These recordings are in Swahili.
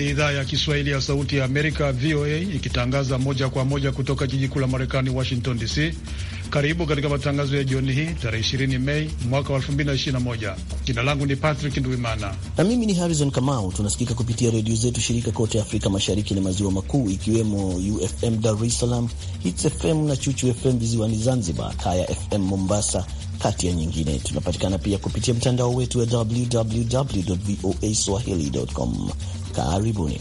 ni idhaa ya Kiswahili ya Sauti ya Amerika, VOA, ikitangaza moja kwa moja kutoka jiji kuu la Marekani, Washington DC. Karibu katika matangazo ya jioni hii tarehe 20 Mei mwaka wa 2021. Jina langu ni Patrick Ndwimana na mimi ni Harrison Kamau. Tunasikika kupitia redio zetu shirika kote Afrika Mashariki na Maziwa Makuu, ikiwemo UFM Dar es Salaam, Hits FM na Chuchu FM visiwani Zanzibar, Kaya FM Mombasa, kati ya nyingine. Tunapatikana pia kupitia mtandao wetu wa www www.voaswahili.com. Karibuni.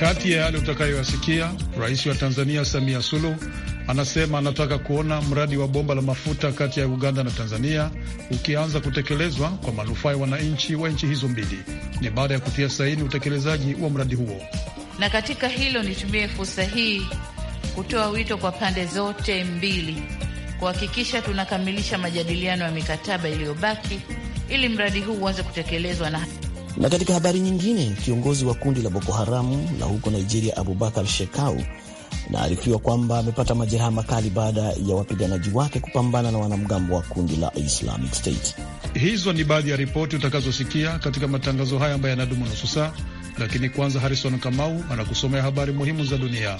Kati ya yale utakayoyasikia, rais wa Tanzania Samia Suluhu Anasema anataka kuona mradi wa bomba la mafuta kati ya Uganda na Tanzania ukianza kutekelezwa kwa manufaa ya wananchi wa nchi hizo mbili. Ni baada ya kutia saini utekelezaji wa mradi huo. Na katika hilo, nitumie fursa hii kutoa wito kwa pande zote mbili kuhakikisha tunakamilisha majadiliano ya mikataba iliyobaki ili mradi huu uanze kutekelezwa na na katika habari nyingine, kiongozi wa kundi la Boko Haramu la huko Nigeria, Abubakar Shekau inaarifiwa kwamba amepata majeraha makali baada ya wapiganaji wake kupambana na wanamgambo wa kundi la Islamic State. Hizo ni baadhi ya ripoti utakazosikia katika matangazo haya ambayo yanadumu nusu saa, lakini kwanza, Harrison Kamau anakusomea habari muhimu za dunia.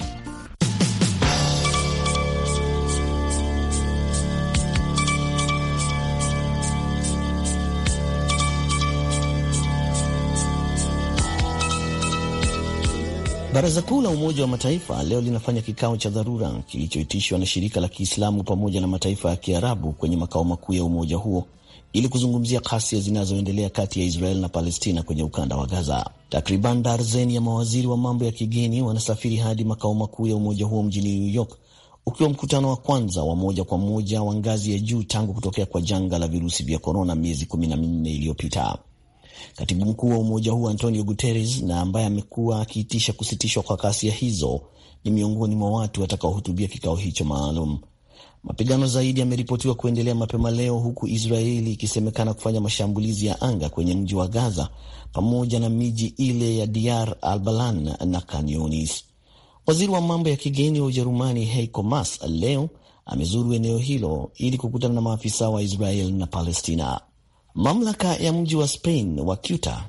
Baraza Kuu la Umoja wa Mataifa leo linafanya kikao cha dharura kilichoitishwa na shirika la Kiislamu pamoja na mataifa ya Kiarabu kwenye makao makuu ya umoja huo ili kuzungumzia ghasia zinazoendelea kati ya Israel na Palestina kwenye ukanda wa Gaza. Takriban darzeni ya mawaziri wa mambo ya kigeni wanasafiri hadi makao makuu ya umoja huo mjini New York, ukiwa mkutano wa kwanza wa moja kwa moja wa ngazi ya juu tangu kutokea kwa janga la virusi vya korona miezi kumi na minne iliyopita. Katibu mkuu wa umoja huo Antonio Guterres, na ambaye amekuwa akiitisha kusitishwa kwa ghasia hizo, ni miongoni mwa watu watakaohutubia kikao hicho maalum. Mapigano zaidi yameripotiwa kuendelea mapema leo, huku Israeli ikisemekana kufanya mashambulizi ya anga kwenye mji wa Gaza pamoja na miji ile ya Diar al-Balan na Khan Younis. Waziri wa mambo ya kigeni wa Ujerumani Heiko Maas leo amezuru eneo hilo ili kukutana na maafisa wa Israel na Palestina. Mamlaka ya mji wa Spain wa Ceuta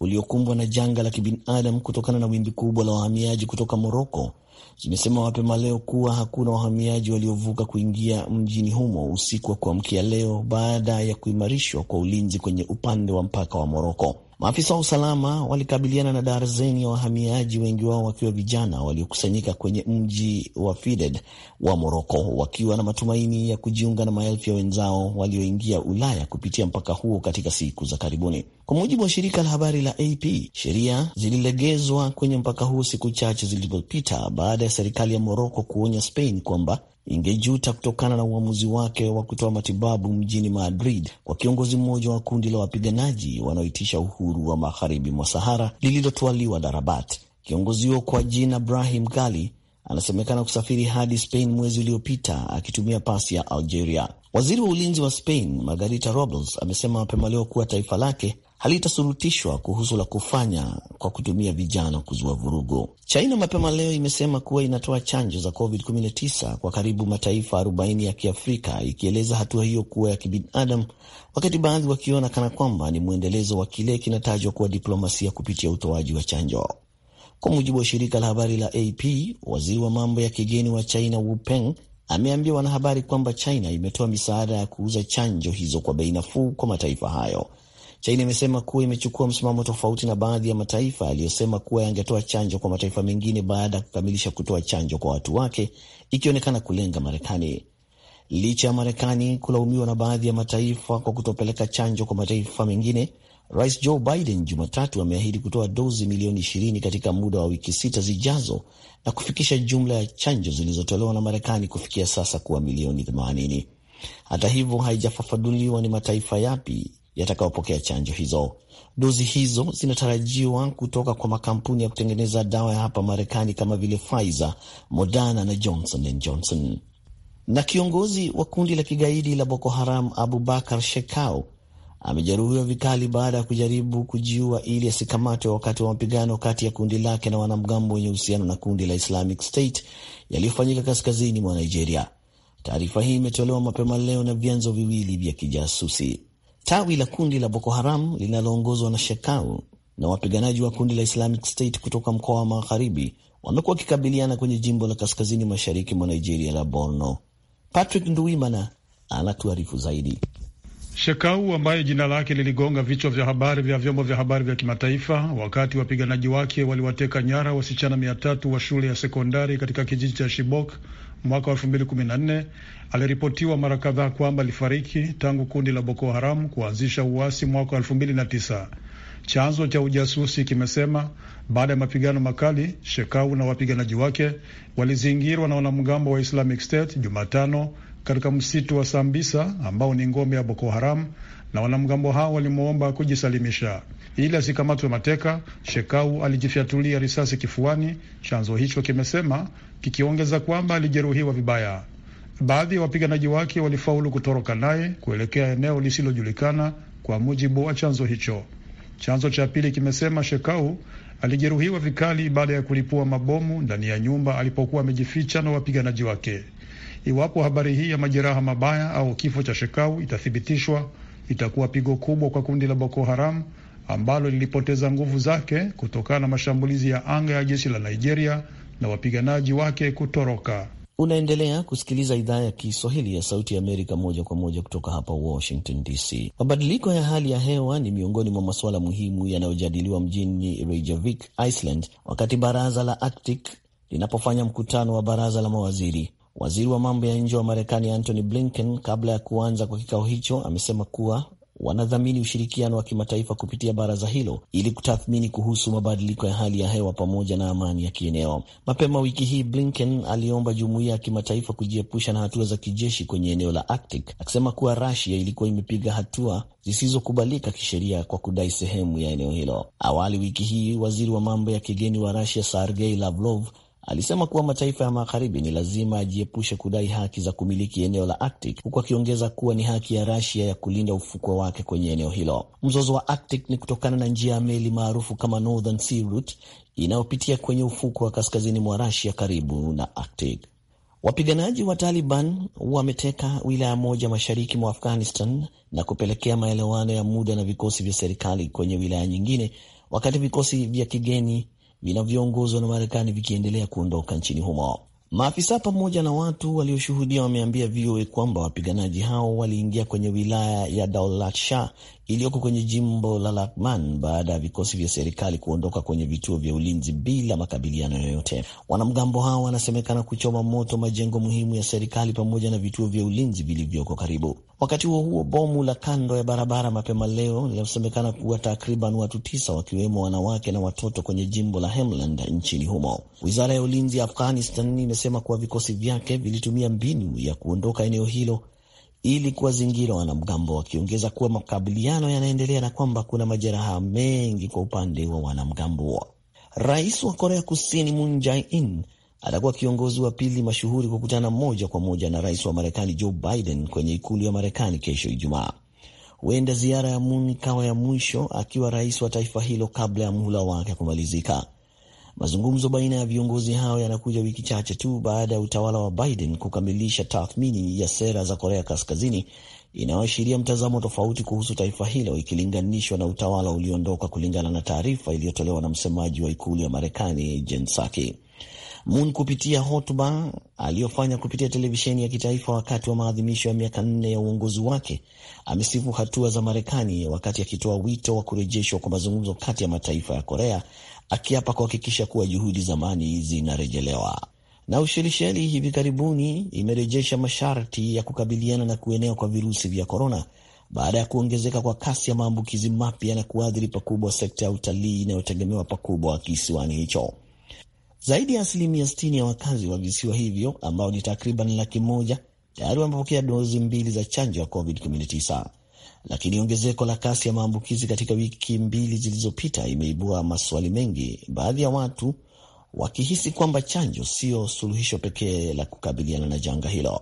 uliokumbwa na janga la kibinadamu kutokana na wimbi kubwa la wahamiaji kutoka Moroko zimesema mapema leo kuwa hakuna wahamiaji waliovuka kuingia mjini humo usiku wa kuamkia leo baada ya kuimarishwa kwa ulinzi kwenye upande wa mpaka wa Moroko. Maafisa wa usalama walikabiliana na darzeni ya wahamiaji, wengi wao wakiwa vijana waliokusanyika kwenye mji wa Fided wa Moroko, wakiwa na matumaini ya kujiunga na maelfu ya wenzao walioingia Ulaya kupitia mpaka huo katika siku za karibuni. Kwa mujibu wa shirika la habari la AP, sheria zililegezwa kwenye mpaka huo siku chache zilizopita baada ya serikali ya Moroko kuonya Spain kwamba ingejuta kutokana na uamuzi wake wa kutoa matibabu mjini Madrid kwa kiongozi mmoja wa kundi la wapiganaji wanaoitisha uhuru wa magharibi mwa Sahara lililotwaliwa na Rabat. Kiongozi huo kwa jina Brahim Gali anasemekana kusafiri hadi Spain mwezi uliopita akitumia pasi ya Algeria. Waziri wa ulinzi wa Spain Margarita Robles amesema mapema leo kuwa taifa lake halitasurutishwa kuhusu la kufanya kwa kutumia vijana kuzua vurugu. China mapema leo imesema kuwa inatoa chanjo za COVID-19 kwa karibu mataifa 40 ya Kiafrika, ikieleza hatua hiyo kuwa ya kibinadamu, wakati baadhi wakiona kana kwamba ni mwendelezo wa kile kinatajwa kuwa diplomasia kupitia utoaji wa chanjo. Kwa mujibu wa shirika la habari la AP, waziri wa mambo ya kigeni wa China Wu Peng ameambia wanahabari kwamba China imetoa misaada ya kuuza chanjo hizo kwa bei nafuu kwa mataifa hayo China imesema kuwa imechukua msimamo tofauti na baadhi ya mataifa yaliyosema kuwa yangetoa chanjo kwa mataifa mengine baada ya kukamilisha kutoa chanjo kwa watu wake, ikionekana kulenga Marekani. Licha ya Marekani kulaumiwa na baadhi ya mataifa kwa kutopeleka chanjo kwa mataifa mengine, Rais Joe Biden Jumatatu ameahidi kutoa dozi milioni 20 katika muda wa wiki sita zijazo na kufikisha jumla ya chanjo zilizotolewa na Marekani kufikia sasa kuwa milioni 80. Hata hivyo, haijafafanuliwa ni mataifa yapi yatakayopokea chanjo hizo. Dozi hizo zinatarajiwa kutoka kwa makampuni ya kutengeneza dawa ya hapa Marekani kama vile Pfizer, Moderna na Johnson and Johnson. Na kiongozi wa kundi la kigaidi la Boko Haram Abubakar Shekau amejeruhiwa vikali baada ya kujaribu kujiua ili asikamatwe wakati wa mapigano kati ya kundi lake na wanamgambo wenye uhusiano na kundi la Islamic State yaliyofanyika kaskazini mwa Nigeria. Taarifa hii imetolewa mapema leo na vyanzo viwili vya kijasusi tawi la kundi la Boko Haram linaloongozwa na Shekau na wapiganaji wa kundi la Islamic State kutoka mkoa wa magharibi wamekuwa wakikabiliana kwenye jimbo la kaskazini mashariki mwa Nigeria la Borno. Patrick nduimana anatuarifu zaidi. Shekau ambaye jina lake liligonga vichwa vya habari vya vyombo vya habari vya kimataifa wakati wapiganaji wake waliwateka nyara wasichana mia tatu wa shule ya sekondari katika kijiji cha Shibok mwaka wa nne aliripotiwa mara kadhaa kwamba alifariki tangu kundi la Boko Haram kuanzisha uasi mwaka wa tisa. Chanzo cha ujasusi kimesema baada ya mapigano makali, Shekau na wapiganaji wake walizingirwa na wanamgambo wa Islamic State Jumatano katika msitu wa Sambisa ambao ni ngome ya Boko Haram, na wanamgambo hao walimwomba kujisalimisha ili asikamatwe mateka. Shekau alijifyatulia risasi kifuani, chanzo hicho kimesema, kikiongeza kwamba alijeruhiwa vibaya. Baadhi ya wapiganaji wake walifaulu kutoroka naye kuelekea eneo lisilojulikana, kwa mujibu wa chanzo hicho. Chanzo cha pili kimesema Shekau alijeruhiwa vikali baada ya kulipua mabomu ndani ya nyumba alipokuwa amejificha na wapiganaji wake. Iwapo habari hii ya majeraha mabaya au kifo cha Shekau itathibitishwa, itakuwa pigo kubwa kwa kundi la Boko Haram ambalo lilipoteza nguvu zake kutokana na mashambulizi ya anga ya jeshi la Nigeria na wapiganaji wake kutoroka. Unaendelea kusikiliza idhaa ya Kiswahili ya Sauti ya Amerika moja kwa moja kutoka hapa Washington DC. Mabadiliko ya hali ya hewa ni miongoni mwa masuala muhimu yanayojadiliwa mjini Reykjavik, Iceland, wakati baraza la Arctic linapofanya mkutano wa baraza la mawaziri. Waziri wa mambo ya nje wa Marekani Antony Blinken, kabla ya kuanza kwa kikao hicho, amesema kuwa wanadhamini ushirikiano wa kimataifa kupitia baraza hilo ili kutathmini kuhusu mabadiliko ya hali ya hewa pamoja na amani ya kieneo. Mapema wiki hii, Blinken aliomba jumuiya ya kimataifa kujiepusha na hatua za kijeshi kwenye eneo la Arctic, akisema kuwa Russia ilikuwa imepiga hatua zisizokubalika kisheria kwa kudai sehemu ya eneo hilo. Awali wiki hii, waziri wa mambo ya kigeni wa Russia Sergei Lavrov Alisema kuwa mataifa ya magharibi ni lazima yajiepushe kudai haki za kumiliki eneo la Arctic, huku akiongeza kuwa ni haki ya rasia ya kulinda ufukwe wake kwenye eneo hilo. Mzozo wa Arctic ni kutokana na njia ya meli maarufu kama Northern Sea Route inayopitia kwenye ufukwe wa kaskazini mwa rasia karibu na Arctic. Wapiganaji wa Taliban wameteka wilaya moja mashariki mwa Afghanistan na kupelekea maelewano ya muda na vikosi vya serikali kwenye wilaya nyingine, wakati vikosi vya kigeni vinavyoongozwa na Marekani vikiendelea kuondoka nchini humo. Maafisa pamoja na watu walioshuhudia wameambia VOA kwamba wapiganaji hao waliingia kwenye wilaya ya Daulat Shah iliyoko kwenye jimbo la Lakman baada ya vikosi vya serikali kuondoka kwenye vituo vya ulinzi bila makabiliano yoyote. Wanamgambo hao wanasemekana kuchoma moto majengo muhimu ya serikali pamoja na vituo vya ulinzi vilivyoko karibu. Wakati huo huo, bomu la kando ya barabara mapema leo linasemekana kuwa takriban watu tisa wakiwemo wanawake na watoto kwenye jimbo la Helmand nchini humo. Wizara ya ulinzi ya Afghanistan imesema kuwa vikosi vyake vilitumia mbinu ya kuondoka eneo hilo ili kuwazingira wanamgambo, wakiongeza kuwa makabiliano yanaendelea na kwamba kuna majeraha mengi kwa upande wa wanamgambo. Rais wa Korea Kusini Moon Jae-in atakuwa kiongozi wa pili mashuhuri kukutana moja kwa moja na rais wa Marekani Joe Biden kwenye ikulu ya Marekani kesho Ijumaa. Huenda ziara ya Moon ikawa ya mwisho akiwa rais wa taifa hilo kabla ya muhula wake kumalizika. Mazungumzo baina ya viongozi hao yanakuja wiki chache tu baada ya utawala wa Biden kukamilisha tathmini ya sera za Korea Kaskazini inayoashiria mtazamo tofauti kuhusu taifa hilo ikilinganishwa na utawala ulioondoka, kulingana na taarifa iliyotolewa na msemaji wa ikulu ya Marekani Jen Psaki. Moon kupitia hotuba aliyofanya kupitia televisheni ya kitaifa wakati wa maadhimisho ya miaka nne ya uongozi wake amesifu hatua za Marekani wakati akitoa wito wa kurejeshwa kwa mazungumzo kati ya mataifa ya Korea, akiapa kuhakikisha kuwa juhudi za amani zinarejelewa. Na Ushelisheli hivi karibuni imerejesha masharti ya kukabiliana na kuenea kwa virusi vya korona baada ya kuongezeka kwa kasi ya maambukizi mapya na kuathiri pakubwa sekta ya utalii inayotegemewa pakubwa kisiwani hicho. Zaidi ya asilimia 60 ya wakazi wa visiwa hivyo ambao ni takriban laki moja tayari wamepokea dozi mbili za chanjo ya COVID-19, lakini ongezeko la kasi ya maambukizi katika wiki mbili zilizopita imeibua maswali mengi, baadhi ya watu wakihisi kwamba chanjo siyo suluhisho pekee la kukabiliana na janga hilo.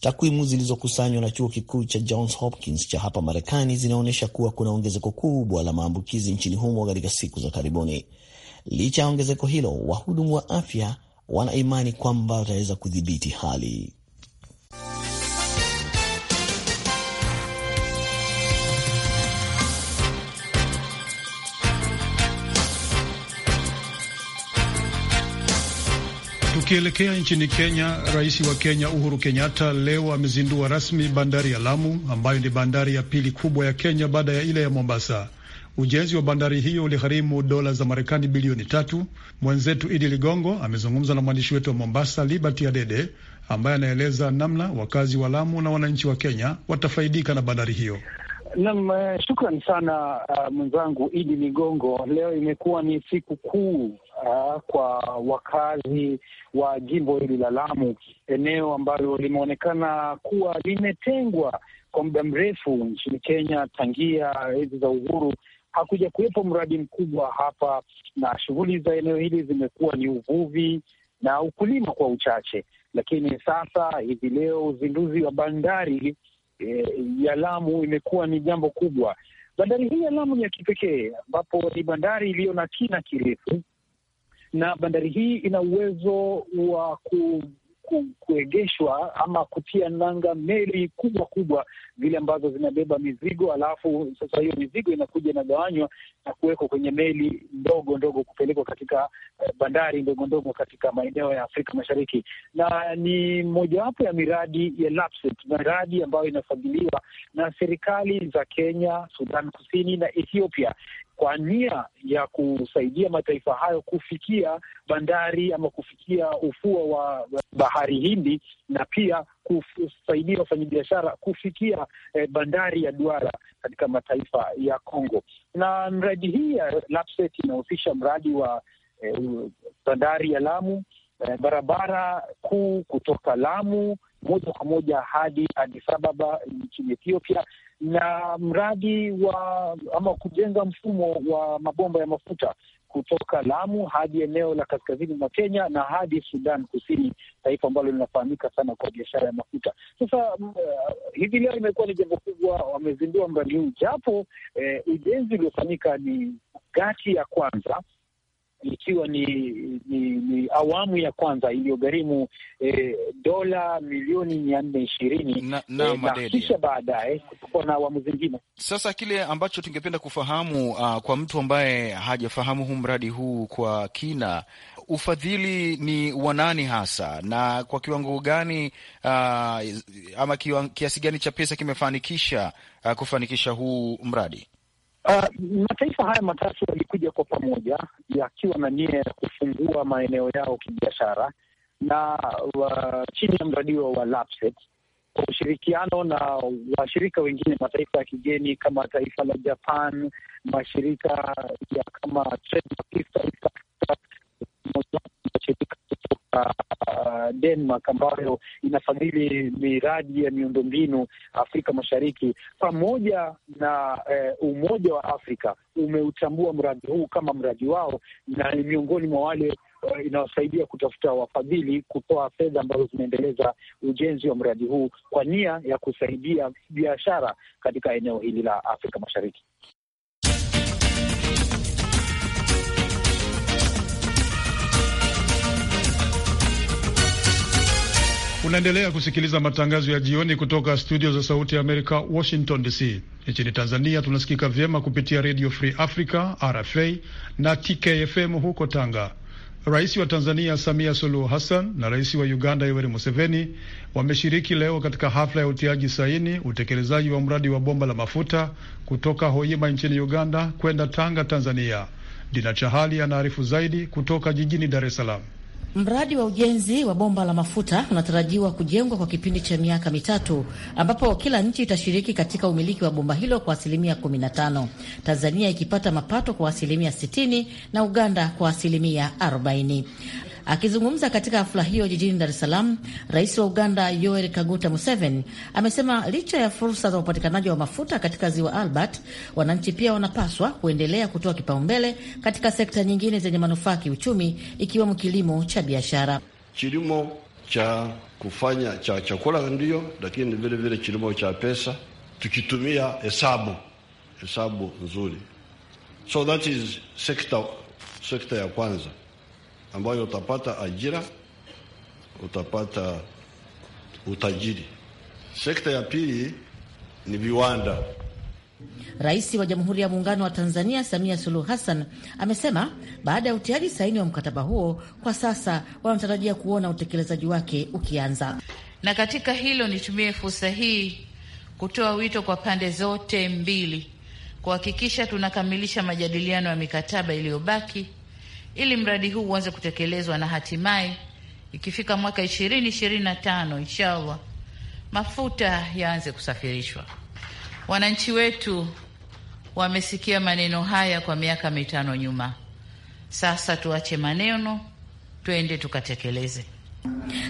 Takwimu zilizokusanywa na chuo kikuu cha Johns Hopkins cha hapa Marekani zinaonyesha kuwa kuna ongezeko kubwa la maambukizi nchini humo katika siku za karibuni. Licha ya ongezeko hilo, wahudumu wa afya wana imani kwamba wataweza kudhibiti hali. Tukielekea nchini Kenya, rais wa Kenya Uhuru Kenyatta leo amezindua rasmi bandari ya Lamu ambayo ni bandari ya pili kubwa ya Kenya baada ya ile ya Mombasa. Ujenzi wa bandari hiyo uligharimu dola za Marekani bilioni tatu. Mwenzetu Idi Ligongo amezungumza na mwandishi wetu wa Mombasa, Liberty Adede, ambaye anaeleza namna wakazi wa Lamu na wananchi wa Kenya watafaidika na bandari hiyo. Nam, eh, shukran sana uh, mwenzangu Idi Ligongo. Leo imekuwa ni siku kuu uh, kwa wakazi wa jimbo hili la Lamu, eneo ambalo limeonekana kuwa limetengwa kwa muda mrefu nchini Kenya tangia hizi za uhuru hakuja kuwepo mradi mkubwa hapa, na shughuli za eneo hili zimekuwa ni uvuvi na ukulima kwa uchache, lakini sasa hivi leo uzinduzi wa bandari e, ya Lamu imekuwa ni jambo kubwa. Bandari hii ya Lamu ni ya kipekee, ambapo ni bandari iliyo na kina kirefu, na bandari hii ina uwezo wa ku kuegeshwa ama kutia nanga meli kubwa kubwa vile ambazo zinabeba mizigo, alafu sasa hiyo mizigo inakuja inagawanywa na kuwekwa kwenye meli ndogo ndogo kupelekwa katika eh, bandari ndogo ndogo katika maeneo ya Afrika Mashariki, na ni mojawapo ya miradi ya Lapset, miradi ambayo inafadhiliwa na serikali za Kenya, Sudan Kusini na Ethiopia kwa nia ya kusaidia mataifa hayo kufikia bandari ama kufikia ufuo wa bahari Hindi na pia kusaidia wafanyabiashara kufikia eh, bandari ya Duara katika mataifa ya Kongo. Na mradi hii ya Lapset inahusisha mradi wa eh, bandari ya Lamu, eh, barabara kuu kutoka Lamu moja kwa moja hadi adisababa Ababa nchini Ethiopia, na mradi wa ama kujenga mfumo wa mabomba ya mafuta kutoka Lamu hadi eneo la kaskazini mwa Kenya na hadi Sudan Kusini, taifa ambalo linafahamika sana kwa biashara ya mafuta. Sasa uh, hivi leo imekuwa ni jambo kubwa, wamezindua mradi huu, japo eh, ujenzi uliofanyika ni gati ya kwanza ikiwa ni, ni, ni awamu ya kwanza iliyogharimu eh, dola milioni mia nne ishirini na, na, eh, na kisha baadaye kutakuwa na awamu zingine. Sasa kile ambacho tungependa kufahamu uh, kwa mtu ambaye hajafahamu huu mradi huu kwa kina, ufadhili ni wanani hasa na kwa kiwango gani uh, ama kiasi gani cha pesa kimefanikisha uh, kufanikisha huu mradi? Uh, mataifa haya matatu yalikuja kwa pamoja yakiwa na nia ya kufungua maeneo yao kibiashara na wa, uh, chini ya mradi wa LAPSSET kwa ushirikiano na washirika wengine mataifa ya kigeni kama taifa la Japan, mashirika ya kama Trade East Africa mojawapo kutoka uh, Denmark ambayo inafadhili miradi ya miundombinu Afrika Mashariki pamoja na eh, Umoja wa Afrika umeutambua mradi huu kama mradi wao na ni miongoni mwa wale uh, inawasaidia kutafuta wafadhili kutoa fedha ambazo zinaendeleza ujenzi wa mradi huu kwa nia ya kusaidia biashara katika eneo hili la Afrika Mashariki. Unaendelea kusikiliza matangazo ya jioni kutoka studio za Sauti ya Amerika, Washington DC. Nchini Tanzania tunasikika vyema kupitia Radio Free Africa, RFA na TKFM huko Tanga. Rais wa Tanzania Samia Suluhu Hassan na rais wa Uganda Yoweri Museveni wameshiriki leo katika hafla ya utiaji saini utekelezaji wa mradi wa bomba la mafuta kutoka Hoima nchini Uganda kwenda Tanga, Tanzania. Dina Chahali anaarifu zaidi kutoka jijini Dar es Salaam. Mradi wa ujenzi wa bomba la mafuta unatarajiwa kujengwa kwa kipindi cha miaka mitatu ambapo kila nchi itashiriki katika umiliki wa bomba hilo kwa asilimia 15, Tanzania ikipata mapato kwa asilimia 60 na Uganda kwa asilimia 40. Akizungumza katika hafla hiyo jijini Dar es Salaam, rais wa Uganda Yoweri Kaguta Museveni amesema licha ya fursa za upatikanaji wa mafuta katika ziwa Albert, wananchi pia wanapaswa kuendelea kutoa kipaumbele katika sekta nyingine zenye manufaa kiuchumi, ikiwemo kilimo cha biashara. Kilimo cha kufanya cha chakula ndiyo, lakini vile vile kilimo cha pesa, tukitumia hesabu hesabu nzuri. So that is sekta, sekta ya kwanza ambayo utapata ajira, utapata utajiri. Sekta ya pili ni viwanda. Rais wa Jamhuri ya Muungano wa Tanzania Samia Suluhu Hassan amesema baada ya utiaji saini wa mkataba huo, kwa sasa wanatarajia kuona utekelezaji wake ukianza. Na katika hilo, nitumie fursa hii kutoa wito kwa pande zote mbili kuhakikisha tunakamilisha majadiliano ya mikataba iliyobaki ili mradi huu uanze kutekelezwa na hatimaye ikifika mwaka ishirini ishirini na tano inshallah mafuta yaanze kusafirishwa. Wananchi wetu wamesikia maneno haya kwa miaka mitano nyuma. Sasa tuache maneno, twende tukatekeleze.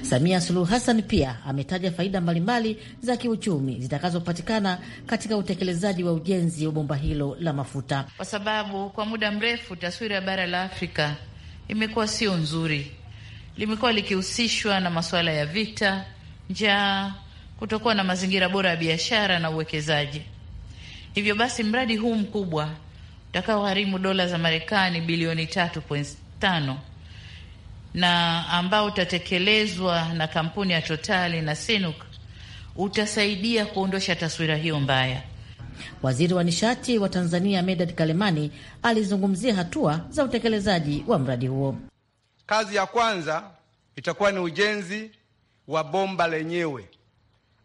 Samia Suluhu Hassan pia ametaja faida mbalimbali za kiuchumi zitakazopatikana katika utekelezaji wa ujenzi wa bomba hilo la mafuta, kwa sababu kwa muda mrefu taswira ya bara la Afrika imekuwa sio nzuri, limekuwa likihusishwa na masuala ya vita, njaa, kutokuwa na mazingira bora ya biashara na uwekezaji. Hivyo basi mradi huu mkubwa utakaogharimu dola za Marekani bilioni 3.5 na ambao utatekelezwa na kampuni ya Total na Sinuk utasaidia kuondosha taswira hiyo mbaya. Waziri wa nishati wa Tanzania Medad Kalemani alizungumzia hatua za utekelezaji wa mradi huo. Kazi ya kwanza itakuwa ni ujenzi wa bomba lenyewe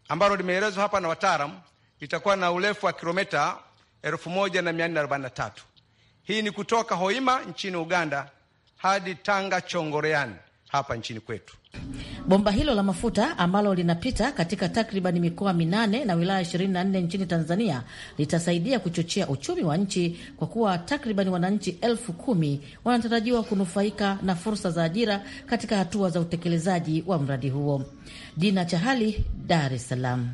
ambalo limeelezwa hapa na wataalamu litakuwa na urefu wa kilomita 1443. Hii ni kutoka Hoima nchini Uganda hadi Tanga Chongoreani hapa nchini kwetu. Bomba hilo la mafuta ambalo linapita katika takribani mikoa minane na wilaya 24 nchini Tanzania litasaidia kuchochea uchumi wa nchi kwa kuwa takribani wananchi elfu kumi wanatarajiwa kunufaika na fursa za ajira katika hatua za utekelezaji wa mradi huo. Dina Chahali, Dar es Salaam.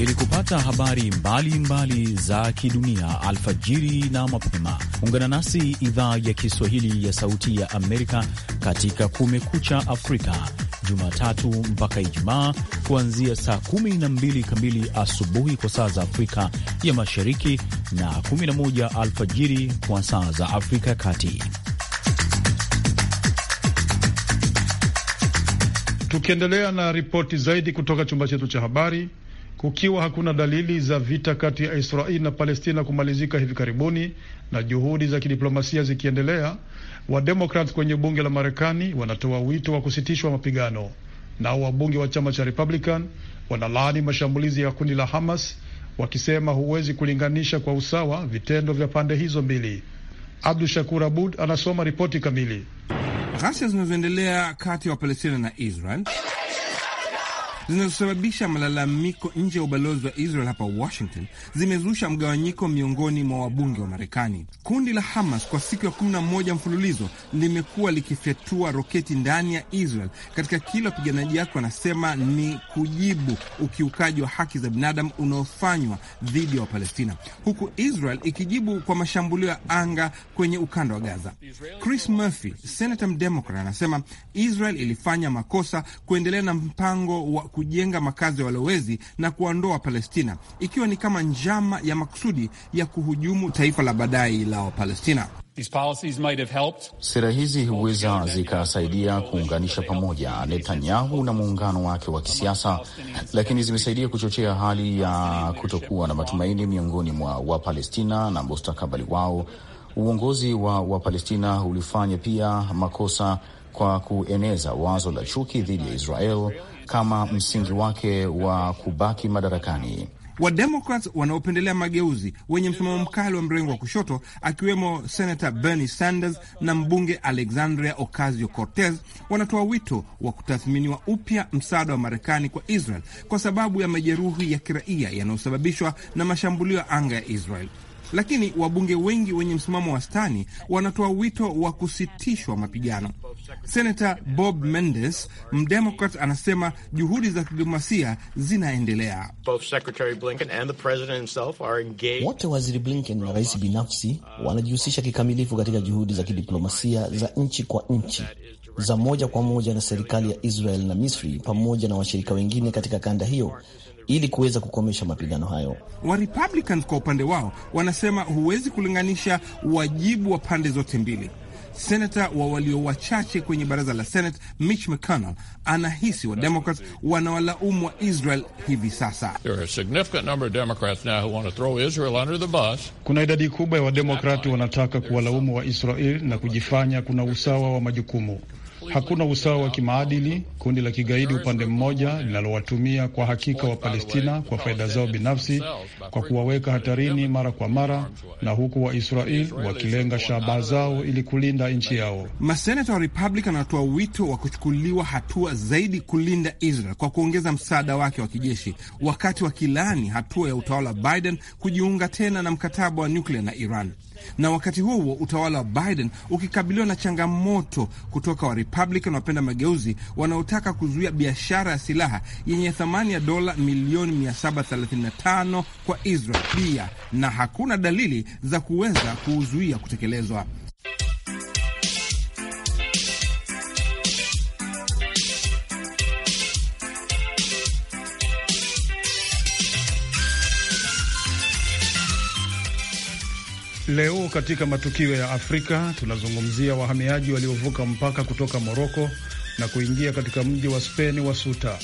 ili kupata habari mbalimbali mbali za kidunia alfajiri na mapema. Ungana nasi idhaa ya Kiswahili ya Sauti ya Amerika katika Kumekucha Afrika, Jumatatu mpaka Ijumaa, kuanzia saa mbili kamili asubuhi kwa saa za Afrika ya Mashariki na moja alfajiri kwa saa za Afrika ya Kati. Tukiendelea na ripoti zaidi kutoka chumba chetu cha habari kukiwa hakuna dalili za vita kati ya israel na Palestina kumalizika hivi karibuni na juhudi za kidiplomasia zikiendelea, Wademokrat kwenye bunge la Marekani wanatoa wito wa kusitishwa mapigano. Nao wabunge wa chama cha Republican wanalaani mashambulizi ya kundi la Hamas wakisema huwezi kulinganisha kwa usawa vitendo vya pande hizo mbili. Abdu Shakur Abud anasoma ripoti kamili. Ghasia zinazoendelea kati ya Wapalestina na Israel zinazosababisha malalamiko nje ya ubalozi wa Israel hapa Washington zimezusha mgawanyiko miongoni mwa wabunge wa Marekani. Kundi la Hamas kwa siku ya 11 mfululizo limekuwa likifyatua roketi ndani ya Israel katika kila wapiganaji wake wanasema ni kujibu ukiukaji wa haki za binadamu unaofanywa dhidi ya Wapalestina, huku Israel ikijibu kwa mashambulio ya anga kwenye ukanda wa Gaza. Chris Murphy, senata mdemokrat, anasema Israel ilifanya makosa kuendelea na mpango wa kujenga makazi ya walowezi na kuwaondoa Wapalestina, ikiwa ni kama njama ya makusudi ya kuhujumu taifa la baadaye la Wapalestina. Sera hizi huweza zikasaidia kuunganisha pamoja Netanyahu na muungano wake wa kisiasa, lakini zimesaidia kuchochea hali ya kutokuwa na matumaini miongoni mwa Wapalestina na mustakabali wao. Uongozi wa Wapalestina ulifanya pia makosa kwa kueneza wazo la chuki dhidi ya Israel kama msingi wake wa kubaki madarakani. Wademokrat wanaopendelea mageuzi wenye msimamo mkali wa mrengo wa kushoto akiwemo senata Bernie Sanders na mbunge Alexandria Ocasio Cortez wanatoa wito wa kutathminiwa upya msaada wa Marekani kwa Israel kwa sababu ya majeruhi ya kiraia yanayosababishwa na mashambulio ya anga ya Israel lakini wabunge wengi wenye msimamo wastani wanatoa wito wa kusitishwa mapigano. Senata Bob Mendes, mdemokrat, anasema juhudi za kidiplomasia zinaendelea. Wote waziri Blinken na rais binafsi wanajihusisha kikamilifu katika juhudi za kidiplomasia za nchi kwa nchi za moja kwa moja na serikali ya Israel na Misri pamoja na washirika wengine katika kanda hiyo ili kuweza kukomesha mapigano hayo. Wa Republican kwa upande wao wanasema huwezi kulinganisha wajibu wa pande zote mbili. Senata wa walio wachache kwenye baraza la Senate Mitch McConnell anahisi wa Democrats wanawalaumu wa Israel hivi sasa. Kuna idadi kubwa ya Wademokrati wanataka kuwalaumu wa Israel na kujifanya kuna usawa wa majukumu. Hakuna usawa wa kimaadili. Kundi la kigaidi upande mmoja linalowatumia kwa hakika wa Palestina kwa faida zao binafsi kwa kuwaweka hatarini mara kwa mara, na huku Waisrael wakilenga shabaha zao ili kulinda nchi yao. Masenata wa Republican wanatoa wito wa kuchukuliwa hatua zaidi kulinda Israel kwa kuongeza msaada wake wa kijeshi, wakati wakilaani hatua ya utawala wa Biden kujiunga tena na mkataba wa nyuklia na Iran na wakati huo huo utawala wa Biden ukikabiliwa na changamoto kutoka wa Republican wapenda mageuzi wanaotaka kuzuia biashara ya silaha yenye thamani ya dola milioni 735 kwa Israel pia, na hakuna dalili za kuweza kuuzuia kutekelezwa. Leo katika matukio ya Afrika tunazungumzia wahamiaji waliovuka mpaka kutoka Moroko na kuingia katika mji wa Speni wa Suta.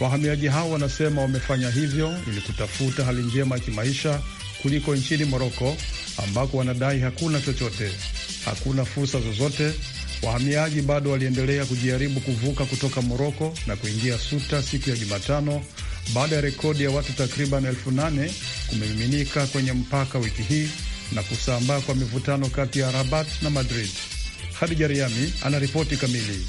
Wahamiaji hao wanasema wamefanya hivyo ili kutafuta hali njema ya kimaisha kuliko nchini Moroko ambako wanadai hakuna chochote, hakuna fursa zozote. Wahamiaji bado waliendelea kujaribu kuvuka kutoka Moroko na kuingia Suta siku ya Jumatano baada ya rekodi ya watu takriban elfu nane kumiminika kwenye mpaka wiki hii na kusambaa kwa mivutano kati ya Rabat na Madrid. Hadija Riami anaripoti kamili.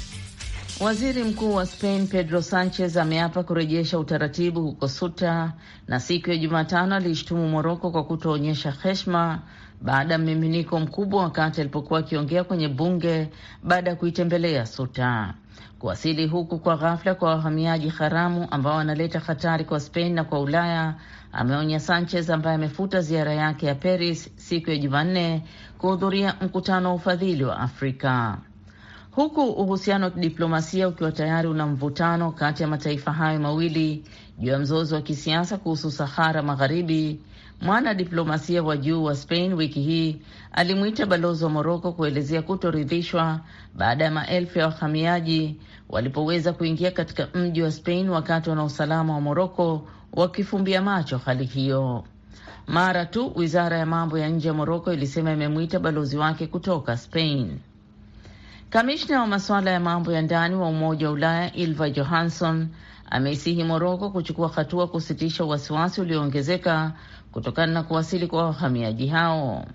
Waziri Mkuu wa Spain Pedro Sanchez ameapa kurejesha utaratibu huko Suta na siku ya Jumatano aliishtumu Moroko kwa kutoonyesha heshima baada ya mmiminiko mkubwa wakati alipokuwa akiongea kwenye bunge baada ya kuitembelea Suta. Kuwasili huku kwa ghafla kwa wahamiaji haramu ambao wanaleta hatari kwa Spain na kwa Ulaya, ameonya Sanchez ambaye amefuta ziara yake ya Paris siku ya Jumanne kuhudhuria mkutano wa ufadhili wa Afrika, huku uhusiano wa kidiplomasia ukiwa tayari una mvutano kati ya mataifa hayo mawili juu ya mzozo wa kisiasa kuhusu Sahara Magharibi. Mwanadiplomasia wa juu wa Spain wiki hii alimwita balozi wa Moroko kuelezea kutoridhishwa baada ya maelfu ya wahamiaji walipoweza kuingia katika mji wa Spain wakati wanausalama wa Moroko wakifumbia macho hali hiyo. Mara tu wizara ya mambo ya nje ya Moroko ilisema imemwita balozi wake kutoka Spain. Kamishna wa masuala ya mambo ya ndani wa Umoja wa Ulaya Ilva Johansson ameisihi Moroko kuchukua hatua kusitisha wasiwasi ulioongezeka kutokana na kuwasili kwa wahamiaji hao.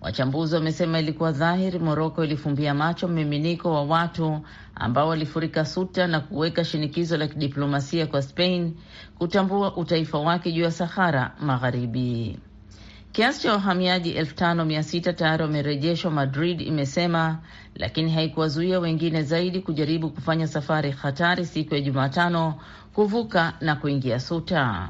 Wachambuzi wamesema ilikuwa dhahiri Moroko ilifumbia macho mmiminiko wa watu ambao walifurika Suta na kuweka shinikizo la kidiplomasia kwa Spain kutambua utaifa wake juu ya Sahara Magharibi. Kiasi cha wahamiaji elfu tano mia sita tayari wamerejeshwa, Madrid imesema, lakini haikuwazuia wengine zaidi kujaribu kufanya safari hatari siku ya Jumatano kuvuka na kuingia Suta.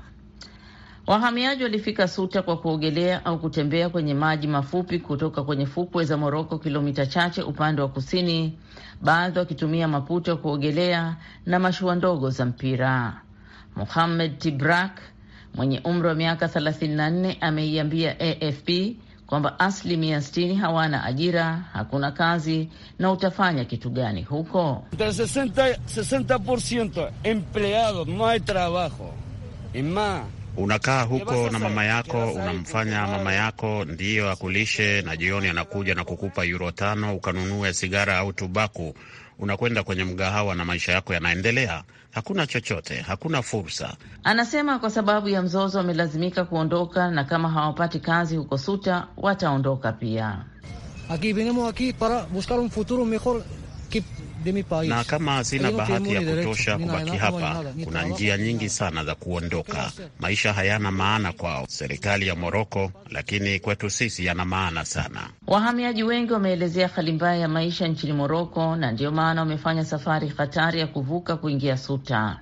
Wahamiaji walifika Suta kwa kuogelea au kutembea kwenye maji mafupi kutoka kwenye fukwe za Moroko, kilomita chache upande wa kusini, baadhi wakitumia maputo ya kuogelea na mashua ndogo za mpira. muhamed Tibrak mwenye umri wa miaka 34 ameiambia AFP kwamba asilimia 60 hawana ajira, hakuna kazi na utafanya kitu gani huko? 60% empleado no hay trabajo unakaa huko na mama yako, unamfanya mama yako ndiyo akulishe, na jioni anakuja na kukupa yuro tano ukanunue sigara au tubaku, unakwenda kwenye mgahawa na maisha yako yanaendelea. Hakuna chochote, hakuna fursa. Anasema kwa sababu ya mzozo wamelazimika kuondoka, na kama hawapati kazi huko Suta wataondoka pia na kama sina bahati ya kutosha kubaki hapa, kuna njia nyingi sana za kuondoka. Maisha hayana maana kwao, serikali ya Moroko, lakini kwetu sisi yana maana sana. Wahamiaji wengi wameelezea hali mbaya ya maisha nchini Moroko, na ndiyo maana wamefanya safari hatari ya kuvuka kuingia Suta.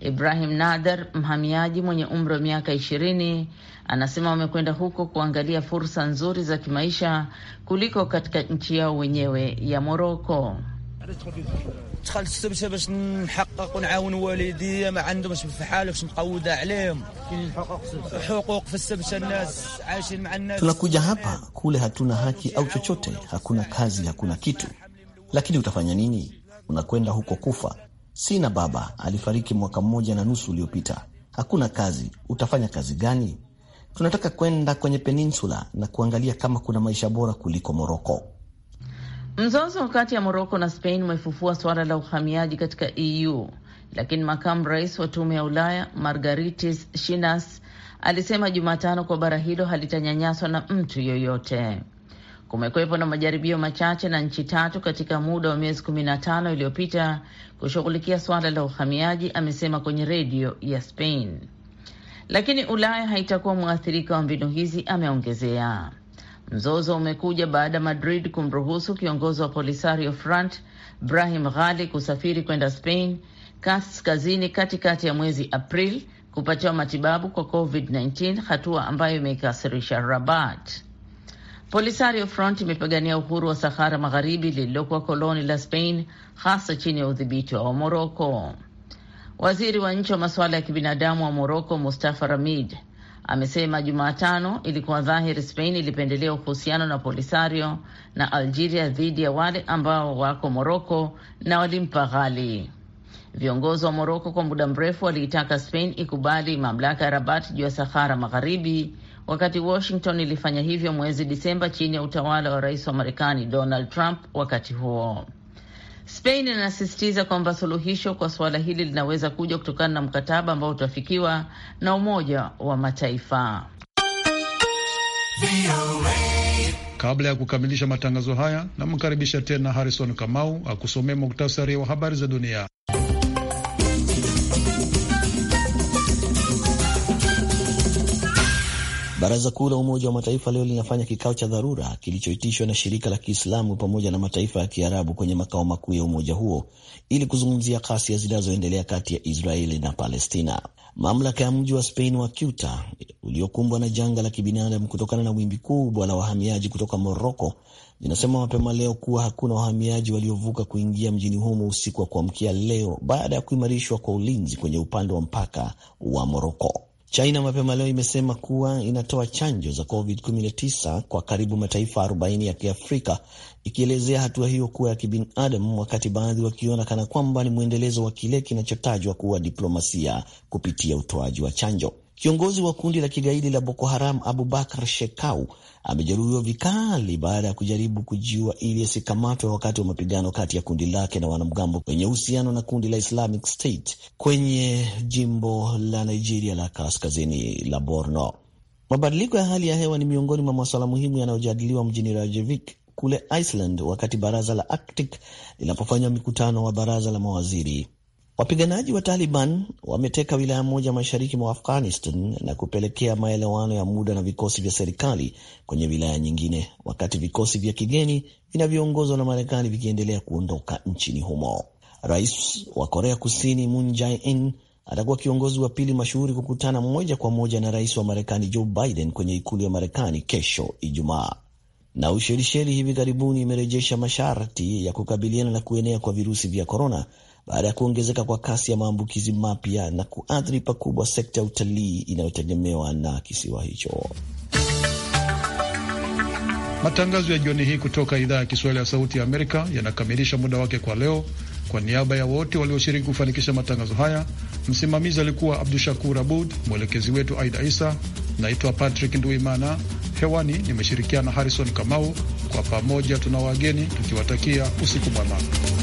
Ibrahim Nader, mhamiaji mwenye umri wa miaka ishirini, anasema wamekwenda huko kuangalia fursa nzuri za kimaisha kuliko katika nchi yao wenyewe ya Moroko. دخلت السبسه باش نحقق ونعاون والدي ما عندهمش في حالي باش نقود عليهم حقوق في السبسه الناس عايشين مع الناس. Tunakuja hapa kule, hatuna haki au chochote, hakuna kazi, hakuna kitu, lakini utafanya nini? Unakwenda huko kufa. Sina baba, alifariki mwaka mmoja na nusu uliopita. Hakuna kazi, utafanya kazi gani? Tunataka kwenda kwenye peninsula na kuangalia kama kuna maisha bora kuliko Moroko. Mzozo kati ya Moroko na Spain umefufua suala la uhamiaji katika EU, lakini makamu rais wa tume ya Ulaya Margaritis Shinas alisema Jumatano kuwa bara hilo halitanyanyaswa na mtu yoyote. Kumekwepo na majaribio machache na nchi tatu katika muda wa miezi 15 iliyopita kushughulikia suala la uhamiaji, amesema kwenye redio ya Spain, lakini Ulaya haitakuwa mwathirika wa mbinu hizi, ameongezea. Mzozo umekuja baada ya Madrid kumruhusu kiongozi wa Polisario Front Brahim Ghali kusafiri kwenda Spain kaskazini katikati ya mwezi april kupatiwa matibabu kwa COVID-19, hatua ambayo imeikasirisha Rabat. Polisario Front imepigania uhuru wa Sahara Magharibi lililokuwa koloni la Spain, hasa chini ya udhibiti wa Moroko. Waziri wa nchi wa masuala ya kibinadamu wa Moroko, Mustafa Ramid, amesema Jumatano ilikuwa dhahiri Spain ilipendelea uhusiano na Polisario na Algeria dhidi ya wale ambao wako Moroko na walimpa ghali. Viongozi wa Moroko kwa muda mrefu waliitaka Spain ikubali mamlaka ya Rabat juu ya Sahara Magharibi, wakati Washington ilifanya hivyo mwezi Disemba chini ya utawala wa rais wa Marekani Donald Trump wakati huo. Spain inasisitiza kwamba suluhisho kwa suala hili linaweza kuja kutokana na mkataba ambao utafikiwa na Umoja wa Mataifa. Kabla ya kukamilisha matangazo haya, namkaribisha tena Harrison Kamau akusomea muktasari wa habari za dunia. Baraza Kuu la Umoja wa Mataifa leo linafanya kikao cha dharura kilichoitishwa na shirika la Kiislamu pamoja na mataifa ya Kiarabu kwenye makao makuu ya umoja huo ili kuzungumzia ghasia zinazoendelea kati ya Israeli na Palestina. Mamlaka ya mji wa Spain wa Ceuta uliokumbwa na janga la kibinadamu kutokana na wimbi kubwa la wahamiaji kutoka Moroko zinasema mapema leo kuwa hakuna wahamiaji waliovuka kuingia mjini humo usiku wa kuamkia leo baada ya kuimarishwa kwa ulinzi kwenye upande wa mpaka wa Moroko. China mapema leo imesema kuwa inatoa chanjo za COVID-19 kwa karibu mataifa 40 ya Kiafrika, ikielezea hatua hiyo kuwa ya kibinadamu, wakati baadhi wakiona kana kwamba ni mwendelezo wa kile kinachotajwa kuwa diplomasia kupitia utoaji wa chanjo. Kiongozi wa kundi la kigaidi la Boko Haram Abubakar Shekau amejeruhiwa vikali baada ya kujaribu kujiua ili asikamatwe wakati wa mapigano kati ya kundi lake na wanamgambo wenye uhusiano na kundi la Islamic State kwenye jimbo la Nigeria la kaskazini la Borno. Mabadiliko ya hali ya hewa ni miongoni mwa masuala muhimu yanayojadiliwa mjini Reykjavik kule Iceland wakati baraza la Arctic linapofanya mkutano wa baraza la mawaziri Wapiganaji wa Taliban wameteka wilaya moja mashariki mwa Afghanistan na kupelekea maelewano ya muda na vikosi vya serikali kwenye wilaya nyingine, wakati vikosi vya kigeni vinavyoongozwa na Marekani vikiendelea kuondoka nchini humo. Rais wa Korea Kusini Moon Jae-in atakuwa kiongozi wa pili mashuhuri kukutana moja kwa moja na rais wa Marekani Joe Biden kwenye ikulu ya Marekani kesho Ijumaa. Na Ushelisheli hivi karibuni imerejesha masharti ya kukabiliana na kuenea kwa virusi vya korona baada ya kuongezeka kwa kasi ya maambukizi mapya na kuathiri pakubwa sekta ya utalii inayotegemewa na kisiwa hicho. Matangazo ya jioni hii kutoka idhaa ya Kiswahili ya Sauti ya Amerika yanakamilisha muda wake kwa leo. Kwa niaba ya wote walioshiriki kufanikisha matangazo haya, msimamizi alikuwa Abdu Shakur Abud, mwelekezi wetu Aida Isa. Naitwa Patrick Nduimana, hewani nimeshirikiana Harrison Kamau. Kwa pamoja tuna wageni tukiwatakia usiku mwema.